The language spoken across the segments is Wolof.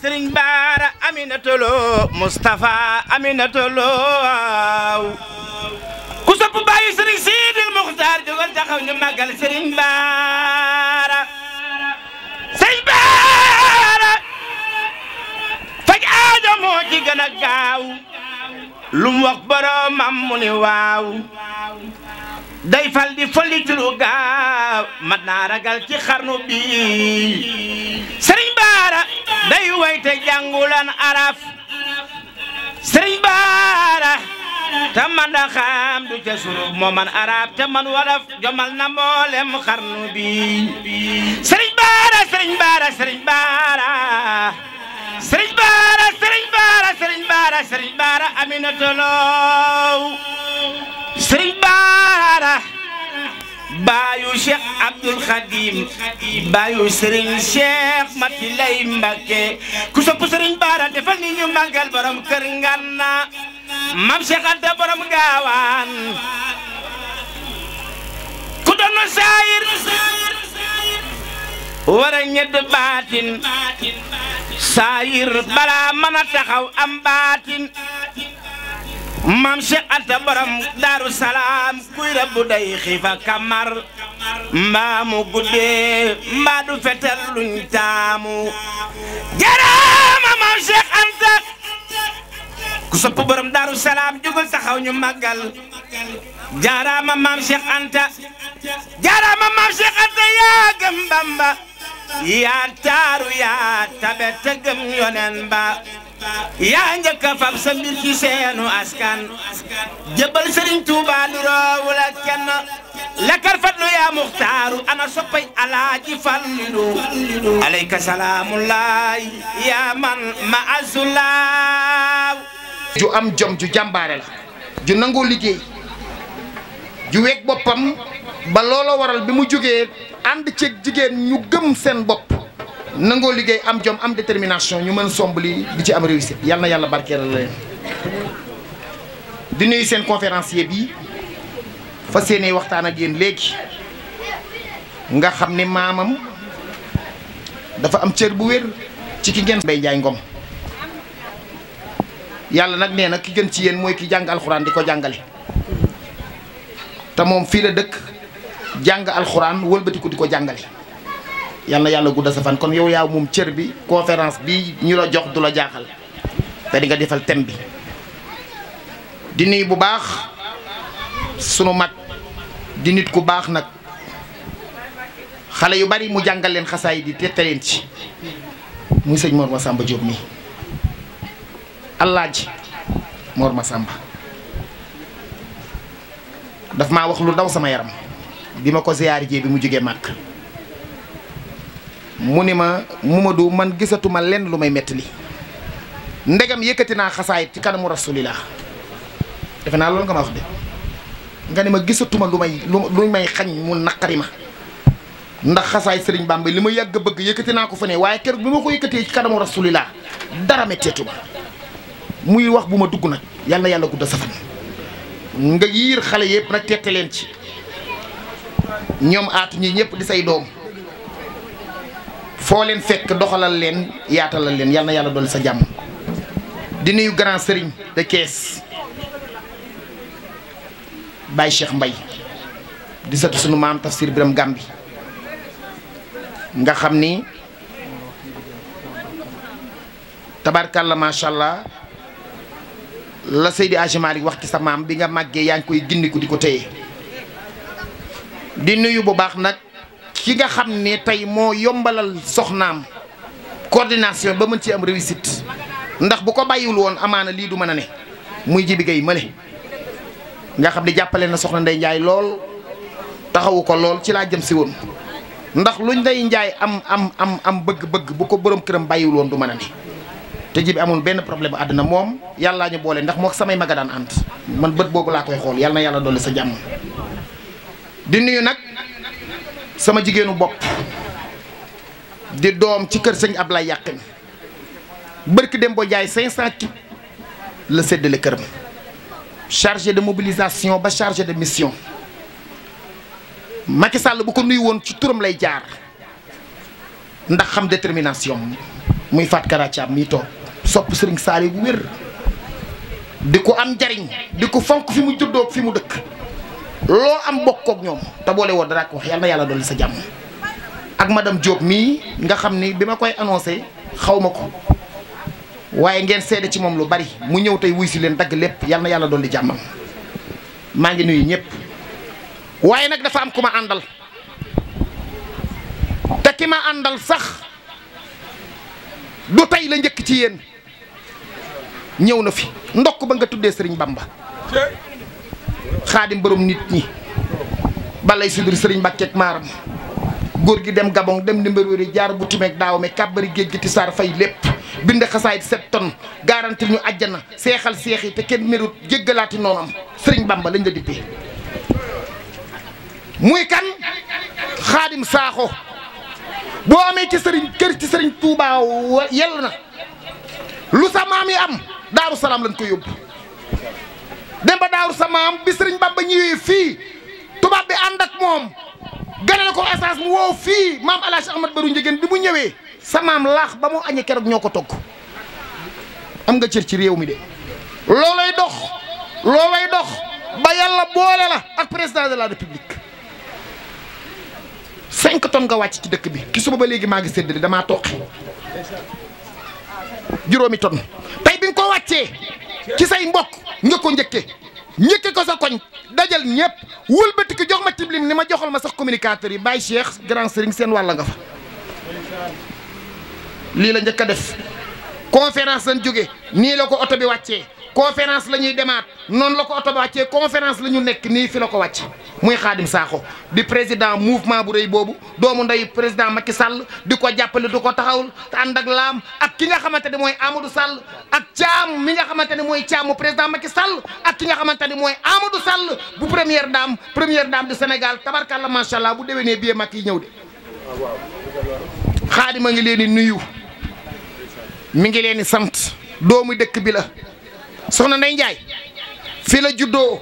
sëriñ baara aminatolo Moustapha aminatolo waaw ku sopp bàyyi sëriñ Sidil Muxtaar jógal taxaw ñu màggal sëriñ baara sëriñ baara faj aajo moo ci gaaw lu mu wax boroomam mu ni day fal di fali ci lu gaaw mat naa ragal ci baara day wayte jàngulan araf sëriñ baara te da xam du ca surub moo man arab te man na mboolem xarnu bi sëriñ baara sëriñ baara sëriñ baara sëriñ baara sëriñ baara sëriñ baara sëriñ baara Aminata Lo sëriñ baara baayu Cheikh Abdoul Khadim baayu Serigne Cheikh Mati lay Mbacké ku sopp Serigne Bara defal ni ñu màggal borom kër Ngana Mam Cheikh Anta borom gaawaan ku doon saayir wara ñedd baatin saayir balaa mën a taxaw am baatin maam Cheikh Anta borom daaru kuy rabbu day xiifa kamar mbaa guddee mbaa du fetel luñ taamu jaraama maam Cheikh Anta ku sopp borom daaru salaam taxaw ñu màggal jaaraama maam Cheikh Anta jaaraama maam Cheikh Anta yaa Bamba yaa taaru yaa tabe te yonen ba yaa njëkk a fab sa seenu askan jëbal Sëriñ Tuuba lu kenn lakar fadlu yaa muxtaaru ana soppay alaaji fallilu alayka salaamullaay yaa man ma azulaaw ju am jom ju jàmbaare ju nangoo liggéey ju weeg boppam ba looloo waral bi mu jógee ànd ceeg jigéen ñu gëm seen bopp nangoo liggéey am jom am détermination ñu mën somb li di ci am réussite yal na yàlla barkeel la leen di nuyu seen conférencier bi fa seeni waxtaan ak yéen léegi nga xam ne maamam dafa am cër bu wér ci ki ngeen Mbaye Ndiaye Ngom yàlla nag nee na ki jën ci yéen mooy ki jàng alxuraan di ko jàngale te moom fii dëkk jàng alxuraan wëlbatiku di ko jàngale yàlla yàlla gudda sa fan kon yow yaa moom cër bi conférence bi ñu la jox du la jaaxal te di nga defal thème bi di bu baax sunu mag di nit ku baax nag xale yu bari mu jàngal leen xasaay di tette leen ci muy sëñ Mor sàmba Diop mi Alaaji Mor Massamba daf ma wax lu daw sama yaram bi ma ko ziyaar jee bi mu jógee màkk mu ni ma Momadou man gisatuma lenn lu may mettali ndegam yëkkati naa xasaayit ci kanamu rasulillah defe naa loolu nga ma wax de nga ne ma gisatuma lu may lu may xañ mu naqari ma ndax xasaay sëriñ Bamba li ma yàgg a bëgg yëkkati naa ko fa waaye kër bi ma ko yëkkatee ci kanamu rasulillah dara metteetu ma muy wax bu ma dugg nag yal na yàlla gudd sa fan nga yiir xale yëpp nag teete leen ci ñoom aatuñu ñi ñëpp di say doom foo leen fekk doxalal leen yaatalal leen yàlla yàlla dolli sa jàmm di nuyu grand sëriñ de Thiès Baye Cheikh Mbay di satu sunu maam tafsir biram Gambi nga xam ni la macha allah la Seydi Aji yi wax ci sa maam bi nga màggee yaa ngi koy gindiku di ko téye. di nuyu bu baax nag ki nga xam ne tey moo yombalal soxnaam coordination ba mën ci am réussite ndax bu ko bàyyiwul woon amaana lii du mën a ne muy jibi gay mële nga xam ne jàppale na soxna Ndey Njaay lool taxawu ko lool ci laa jëm si woon ndax luñ Ndey Njaay am am am am bëgg-bëgg bu ko borom këram bàyyiwul woon du mën a ne te jibi amul benn problème àdduna moom yàllaa ñu boole ndax moo samay maga daan ànd man bët boobu laa koy xool yàlla na yàlla dolli sa jàmm di nuyu nag sama jigéenu bopp di doom ci kër sëñ Ablaye yàq mi bërki dem boo jaay 500 kit la séddale këram chargé de mobilisation ba chargé de mission Macky Sall bu ko nuyu woon ci turam lay jaar ndax xam détermination muy faat karatiab mi toog sopp sëriñ Saali bu wér di ko am njariñ di ko fonk fi mu juddoo fi mu dëkk loo am bokkook ñoom te boole dara ak wax yal na yàlla dolli sa jàmm ak madame Diop mii nga xam ni bi ma koy annoncé xaw ma ko waaye ngeen seede ci moom lu bari mu ñëw tey wuy si leen dagg lépp yal na yàlla dolli jàmmam maa ngi nuyu ñëpp waaye nag dafa am ku ma àndal te ki ma àndal sax du tey la njëkk ci yéen ñëw na fi ndokk ba nga tuddee Sëriñ Bamba xaadim borom nit ñi balay subir sëriñ mbàkkeek maaram góor gi dem gabon dem numéro jaar bu timeek daaw me kàbbari géej gi ti saar fay lépp bind xasaayit sept tonnes garantil ñu àjjana seexal seex yi te kenn merut jéggalaati noonam sëriñ bamba lañ la dippee muy kan xaadim saaxo boo amee ci sëriñ kër ci sëriñ Touba yell na lu sa maam yi am daaru salaam lañ ko yóbbu dem ba daaru sa maam bi sëriñ Bamba ñëwee fii tubaab bi ànd ak moom ganale ko essence mu wow fii maam Alaaji Ahmad Baru Njëgeen bi mu ñëwee sa maam laax ba mu añee keroog ñoo ko togg am nga cër ci réew mi de loolay dox loolay dox ba yàlla boole la ak président de la république cinq tonnes nga wàcc ci dëkk bi ki suba ba léegi maa ngi séddale damaa toqi juróomi tonnes tey bi nga ko wàccee ci say mbokk nga ko njëkke njëkke ko sa koñ dajal ñëpp wëlbati ko jox ma tiblim ni ma joxal ma sax communicateur yi Baye Cheikh grand sëriñ seen wàll nga fa lii la njëkk a def conférence lañ jóge nii la ko oto bi wàccee conférence la ñuy demaat noonu la ko oto bi wàccee conférence la ñu nekk nii fi la ko wàcce muy xaadim Sakho di président mouvement bu rëy boobu doomu nday président Macky sàll di ko jàppale du ko taxawul te ànd ak laam ak ki nga xamante ne mooy Amadou Sall ak caam mi nga xamante ne mooy caamu président Macky Sall ak ki nga xamante ne mooy Amadou Sall bu première dame première dame du Sénégal tabarkalla macha allah bu déwénee biyee mag yi ñëw de. xaadim a ngi leen di nuyu mi ngi leen sant doomu dëkk bi la soxna Ndeye Ndiaye fii la juddoo.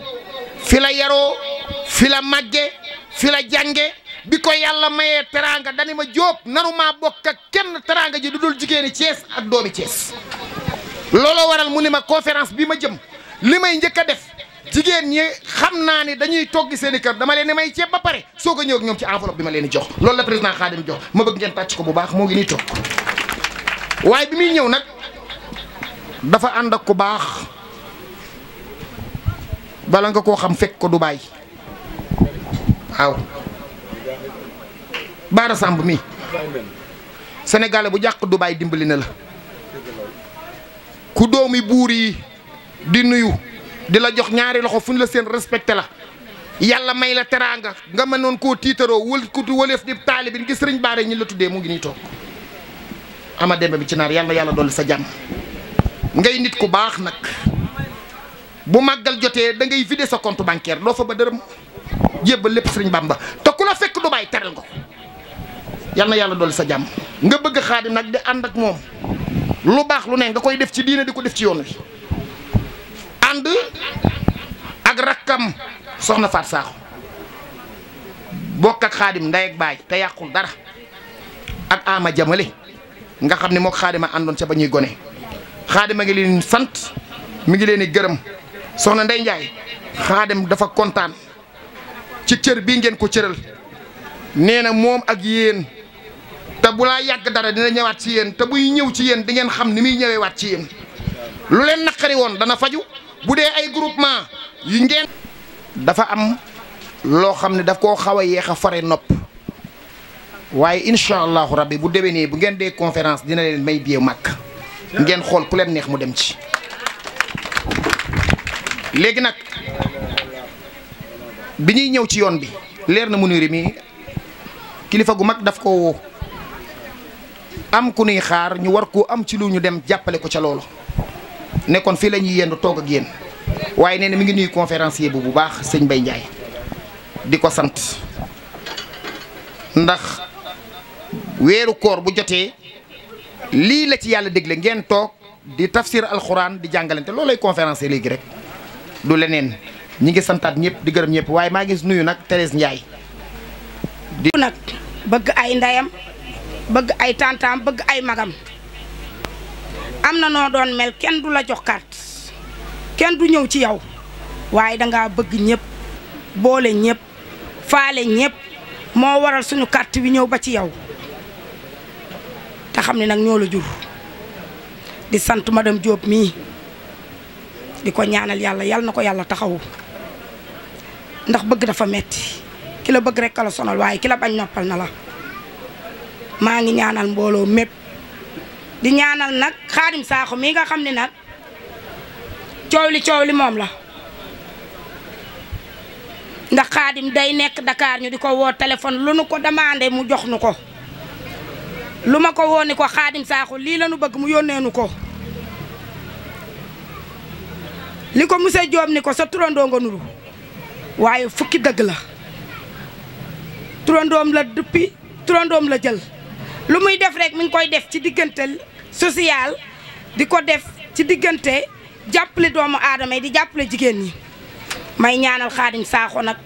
fi la yaroo fi la màgge fi la jànge bi ko yàlla mayee teraanga dani ma jóob nanu maa bokk ak kenn teraanga ji du dul jigéeni Cees ak doomi Cees looloo waral mu ni ma conférence bi ma jëm li may njëkk a def jigéen ñi xam naa ni dañuy togg seen i kër dama leen may ceeb ba pare soo ko ñëw ñoom ci enveloppe bi ma leen di jox loolu la président Khadim jox ma bëgg ngeen tàcc ko bu baax moo ngi nii toog waaye bi muy ñëw nag dafa ànd ak ku baax bala nga koo xam fekk ko du bàyyi waaw Baara Samb mi sénégalais bu jàq Dubaay dimbali na la ku doomi buur yi di nuyu di la jox ñaari loxo fu ñu la seen respecté la yàlla may la teraanga nga noon koo tiitaroo wël ku wëleef di taalibi gis sëriñ Baara ñu la tuddee mu ngi nii toog ama dembe bi ci naar yàlla yàlla dolli sa jàmm ngay nit ku baax nag bu màggal jotee da ngay vider sa compte bancaire doo fa ba dërëm jébbal lépp sëriñ Bamba te ku la fekk du bàyyi teral ko yal na yàlla dolli sa jàmm nga bëgg xaadim nag di ànd ak moom lu baax lu ne nga koy def ci diine di ko def ci yoon wi ànd ak rakkam soxna Faat Saaxo bokk ak xaadim ndey ak baay te yàqul dara ak ama jamale nga xam ne mook xaadima àndoon ca ba ñuy gone xaadima ngi leen sant mu ngi leen di gërëm soxna Ndey Njaay xaadim dafa kontaan ci cër bii ngeen ko cëral nee na moom ak yéen te bu laa yàgg dara dina ñëwaat ci yéen te buy ñëw ci yéen di ngeen xam ni muy ñëwee waat ci yéen lu leen naqari woon dana faju bu dee ay groupement yu ngeen dafa am loo xam ne daf koo xaw a yeex a fare nopp waaye incha allahu rabbi bu déwénee bu ngeen dee conférence dina leen may biyee màkk ngeen xool ku leen neex mu dem ci léegi nag bi ñuy ñëw ci yoon bi leer na mu nuri mi kilifa gu mag daf ko woo am ku nuy xaar ñu war koo am ci lu ñu dem jàppale ko ca loolu nekkoon fii la ñuy yendu toog ak yéen waaye nee na mi ngi nuyu conférencier bu bu baax sëñ bay Ndiaye di ko sant ndax weeru koor bu jotee lii la ci yàlla dégle ngeen toog di tafsir alxuraan di jàngalante loolay conférencier léegi rek du leneen ñi ngi santaat ñëpp di gërëm ñëpp waaye maa ngi nuyu nag Thérèse Ndiaye. di nag bëgg ay ndeyam bëgg ay tàntaam bëgg ay magam am na noo doon mel kenn du la jox carte kenn du ñëw ci yow waaye danga bëgg ñépp boole ñëpp faale ñëpp moo waral suñu carte bi ñëw ba ci yow taxam xam ne nag ñoo la jur di sant ma dem Diop mii. di ko ñaanal yàlla yal na ko yàlla taxawu ndax bëgg dafa metti ki bëgg rek la sonal waaye ki bañ noppal na la maa ngi ñaanal mbooloo mépp di ñaanal nag xaadim saaxo mii nga xam ne nag coow li coow li la ndax xaadim day nekk Dakar ñu di ko woo téléphone lu nu ko demandé mu jox nu ko lu ma ko woo ko xaadim saaxo lii la nu bëgg mu yónnee nu ko li ko monsieur Diop ni ko sa turandoo nga nuru waaye fukki dëgg la turandoom la duppi turandoom la jël lu muy def rek mi ngi koy def ci diggante social di ko def ci diggante jàppale doomu aadama yi di jàppale jigéen ñi may ñaanal xaadim saaxo nag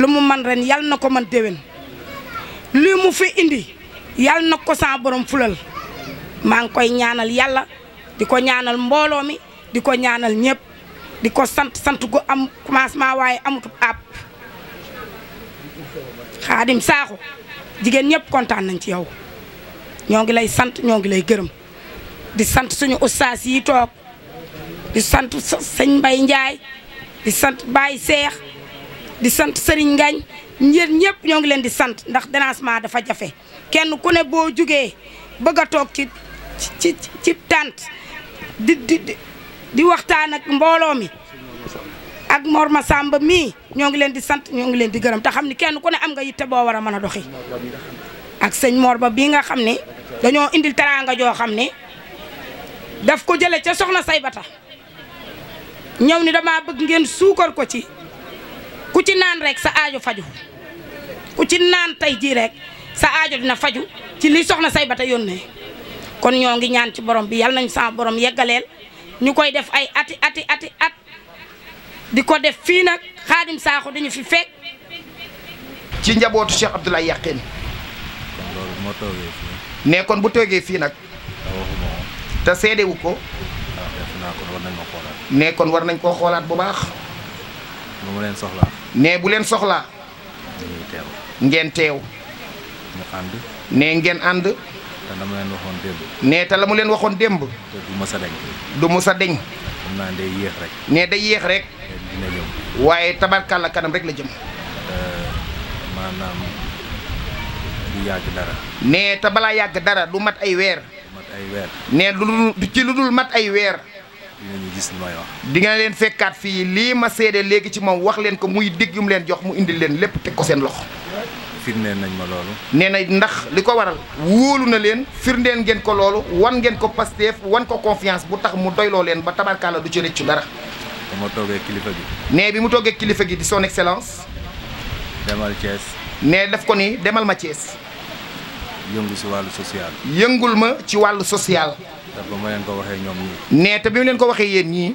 lu mu man ren yal na ko man déwén li mu fi indi yal na ko sa borom fulal maa ngi koy ñaanal yàlla di ko ñaanal mbooloo mi di ko ñaanal ñëpp di ko sant sant gu am commencement waaye amutub àpp xaadim saaxu jigéen ñëpp kontaan nañ ci yow ñoo ngi lay sant ñoo ngi lay gërëm di sant suñu ustaas yi toog di sant sëñ Mbay Njaay di sant Baay Seex di sant Sëriñ Ngañ ñeen ñëpp ñoo ngi leen di sant ndax dérangement dafa jafe kenn ku ne boo jógee bëgg a toog ci ci tànt di di di waxtaan ak mbooloo mi ak Mor Masamba mii ñoo ngi leen di sant ñoo ngi leen di gërëm te xam ni kenn ku ne am nga yitte boo war a mën a doxi ak sëñ moor ba bii nga xam ni dañoo indil teraanga joo xam ne daf ko jële ca soxna Saybata ñëw ni damaa bëgg ngeen suukar ko ci ku ci naan rek sa aajo faju ku ci naan tey jii rek sa aajo dina faju ci li soxna Saybata yónnee kon ñoo ngi ñaan ci borom bi yal nañ sama borom yeggaleel ñu koy def ay ati ati ati at di ko def fii nag xaadim saaxo dañu fi fekk. ci njabootu Cheikh Abdoulaye Yakhine. ne kon bu toogee fii nag. te seedewu ko. ne kon war nañ koo xoolaat bu baax. bu leen soxlaa. ne bu leen soxlaa. ngeen teew. ne ngeen ànd. te la mu leen waxoon démb. nee te la mu leen waxoon démb. te du mës a deñ. du mës a deñ. xam naa day yéex rek. nee day yéex rek. waaye tabarkàlla kanam rek la jëm. maanaam du yàgg dara. te balaa yàgg dara du mat ay weer. mat ay weer. nee lu dul ci lu dul mat ay weer. dinañu gis li may wax. di nga leen fekkaat fii lii ma seede léegi ci moom wax leen ko muy digg leen jox mu indi leen lépp teg ko seen loxo. firndeel nañ ma loolu. nee na ndax li ko waral wóolu na leen firndeen ngeen ko loolu wan ngeen ko Pastef wan ko confiance bu tax mu doyloo leen ba tabarkaala du ci rëccu dara. ba ma toogee kilifa gi. nee bi mu toogee kilifa gi di son excellence. demal Thiès. nee def ko ni demal ma Thiès. yëngu si wàllu social. yëngul ma ci wàllu social. ndax ba leen ko waxee ñoom ñii. nee te bi mu leen ko waxee yéen ñii.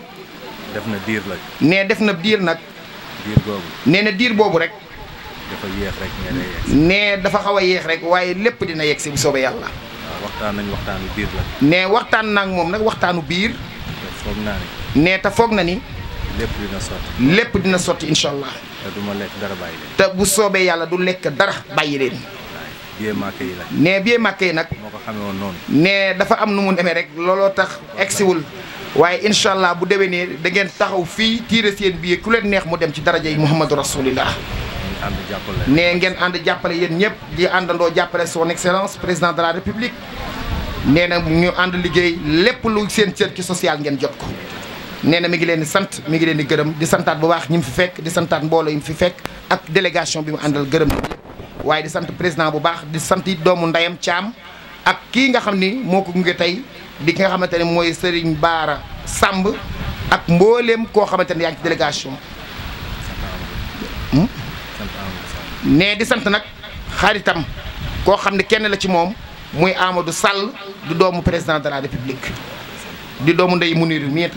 def na diir la. nee def na diir nag. nee na diir boobu rek. dafa yéex rek ne dafa xaw a yéex rek waaye lépp dina yegg si bu soobee yàlla. Ah, waxtaan nañ waxtaanu biir la. ne waxtaan naa ak moom nag waxtaanu biir. foog naa ne te foog na ni. lépp dina sotti. lépp dina sotti incha allah. te du ma lekk dara bàyyi leen. te bu soobee yàlla du lekk dara bàyyi leen. biyee màkk yi la. ne biyee màkk yi nag. moo ko woon noonu. ne dafa am nu mu demee rek looloo tax egsiwul. waaye incha allah bu déwénee da ngeen taxaw fii tiire seen billet ku leen neex mu dem ci daraja yi Muhammadu Rasulillah ne ngeen ànd jàppale yéen ñëpp di àndandoo jàppale son excellence président de la république nee na ñu ànd liggéey lépp lu seen cër ci social ngeen jot ko nee na mi ngi leen di sant mi ngi leen di gërëm di santaat bu baax ñi mu fi fekk di santaat mbooloo yi mu fi fekk ak délégation bi mu àndal gërëm waaye di sant président bu baax di sant doomu ndeyam caam ak kii nga xam ni moo ko gunge tey di ki nga xamante ne mooy Serigne Baara sàmb ak mbooleem koo xamante ne yaa délégation ne di sant nag xaaritam koo xam ne kenn la ci moom muy Amadou Sall di doomu président de la république di doomu ndey Mounirou mii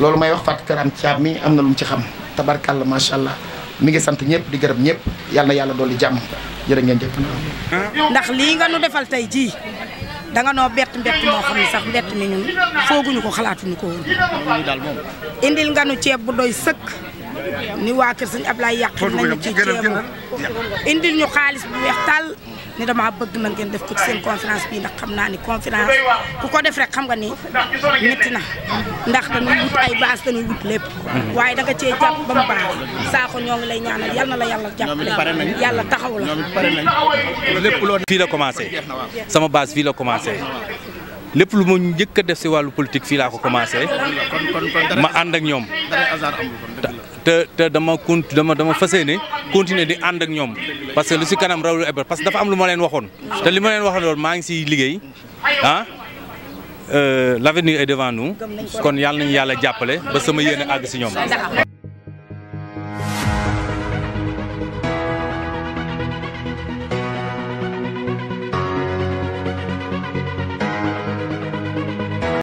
loolu may wax Fatou Karam Thiam mii am na lum ci xam tabarkàlla macha allah mi ngi sant ñëpp di gërëm ñëpp yàlla na yàlla dolli jàmm jërë ngeen jëf. ndax lii nga nu defal tey jii danga noo bett mbett moo xam ne sax mbett mi ñun fooguñu ko xalaatuñu ko woon. indil nga nu ceeb bu doy sëkk. ni waa kër sëñ Ablaye yàq nañu ci ceebu indil ñu xaalis bu weex tàll ni dama bëgg na ngeen def ko ci seen conférence bii ndax xam naa ni conférence ku ko def rek xam nga ni métti na ndax dañuy wut ay base dañuy wut lépp waaye da nga cee jàpp ba mu baax saako ñoo ngi lay ñaanal la yàlla jàppale yàlla taxaw la lépp loo fii la commencé sama baas fii la commencé lépp lu ma njëkk def si wàllu politique fii laa ko commencé ma ànd ñoom te te dama cont dama dama fas yéene continuer di ànd ak ñoom parce que lu si kanam raw lu ebar parce que dafa am lu ma leen waxoon te li ma leen waxoon loolu maa ngi siy liggéey ah euh, l'avenir est devant nous kon yàlla nañu yàlla jàppale ba sama yéene àgg si ñoom